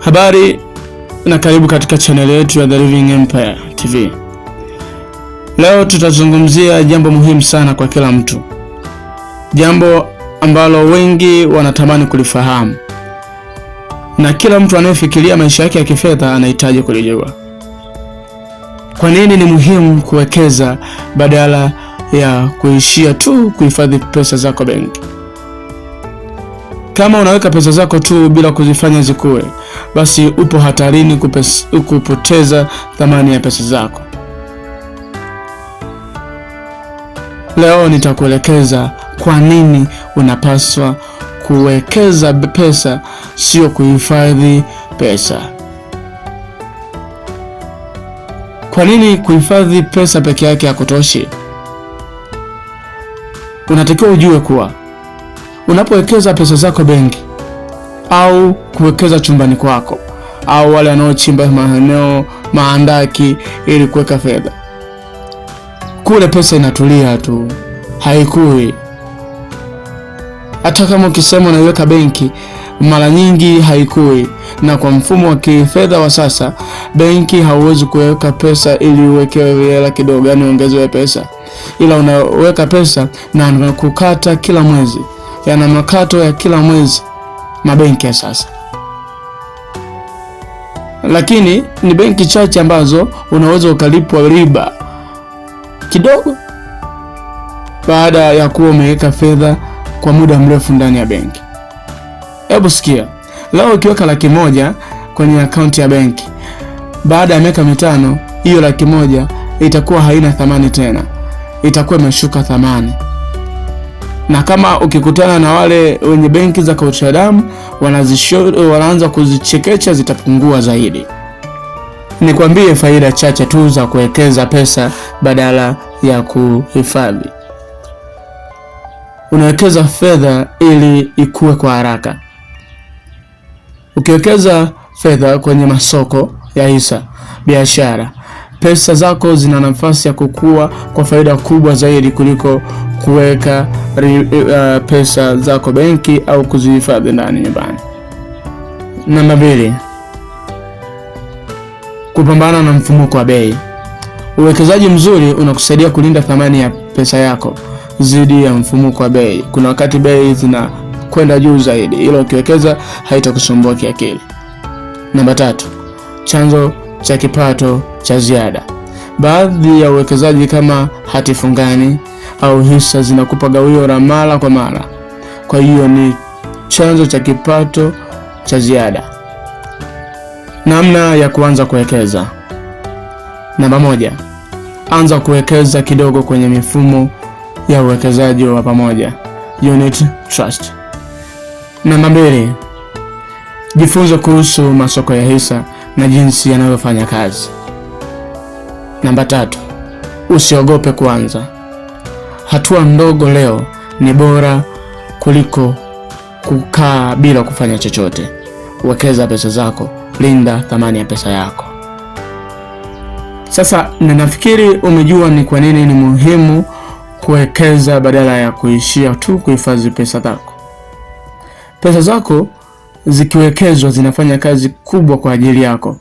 Habari na karibu katika chaneli yetu ya The Living Empire TV. Leo tutazungumzia jambo muhimu sana kwa kila mtu, jambo ambalo wengi wanatamani kulifahamu na kila mtu anayefikiria maisha yake ya kifedha anahitaji kulijua. Kwa nini ni muhimu kuwekeza badala ya kuishia tu kuhifadhi pesa zako benki? Kama unaweka pesa zako tu bila kuzifanya zikue, basi upo hatarini kupes, kupoteza thamani ya pesa zako. Leo nitakuelekeza kwa nini unapaswa kuwekeza pesa, sio kuhifadhi pesa. Kwa nini kuhifadhi pesa peke yake hakutoshi? Unatakiwa ujue kuwa unapowekeza pesa zako benki au kuwekeza chumbani kwako au wale wanaochimba maeneo maandaki ili kuweka fedha kule, pesa inatulia tu, haikui. Hata kama ukisema unaiweka benki, mara nyingi haikui. Na kwa mfumo wa kifedha wa sasa, benki hauwezi kuweka pesa ili uwekewe hela kidogo, yani uongezewe pesa, ila unaweka pesa na kukata kila mwezi yana makato ya kila mwezi mabenki ya sasa, lakini ni benki chache ambazo unaweza ukalipwa riba kidogo baada ya kuwa umeweka fedha kwa muda mrefu ndani ya benki. Hebu sikia, leo ukiweka laki moja kwenye akaunti ya benki, baada ya miaka mitano hiyo laki moja itakuwa haina thamani tena, itakuwa imeshuka thamani na kama ukikutana na wale wenye benki za kaucha damu wanaanza kuzichekecha zitapungua zaidi. Nikwambie faida chache tu za kuwekeza pesa badala ya kuhifadhi. Unawekeza fedha ili ikue kwa haraka. Ukiwekeza fedha kwenye masoko ya hisa, biashara pesa zako zina nafasi ya kukua kwa faida kubwa zaidi kuliko kuweka uh, pesa zako benki au kuzihifadhi ndani nyumbani. Namba mbili, kupambana na mfumuko wa bei. Uwekezaji mzuri unakusaidia kulinda thamani ya pesa yako dhidi ya mfumuko wa bei. Kuna wakati bei zinakwenda juu zaidi, ila ukiwekeza haitakusumbua kiakili. Namba tatu, chanzo cha kipato cha ziada. Baadhi ya uwekezaji kama hati fungani au hisa zinakupa gawio la mara kwa mara, kwa hiyo ni chanzo cha kipato cha ziada. Namna ya kuanza kuwekeza: namba moja, anza kuwekeza kidogo kwenye mifumo ya uwekezaji wa pamoja unit trust. Namba mbili, jifunze kuhusu masoko ya hisa na jinsi yanavyofanya kazi. Namba tatu, usiogope kuanza. Hatua ndogo leo ni bora kuliko kukaa bila kufanya chochote. Wekeza pesa zako, linda thamani ya pesa yako. Sasa na nafikiri umejua ni kwa nini ni muhimu kuwekeza badala ya kuishia tu kuhifadhi pesa zako. Pesa zako zikiwekezwa zinafanya kazi kubwa kwa ajili yako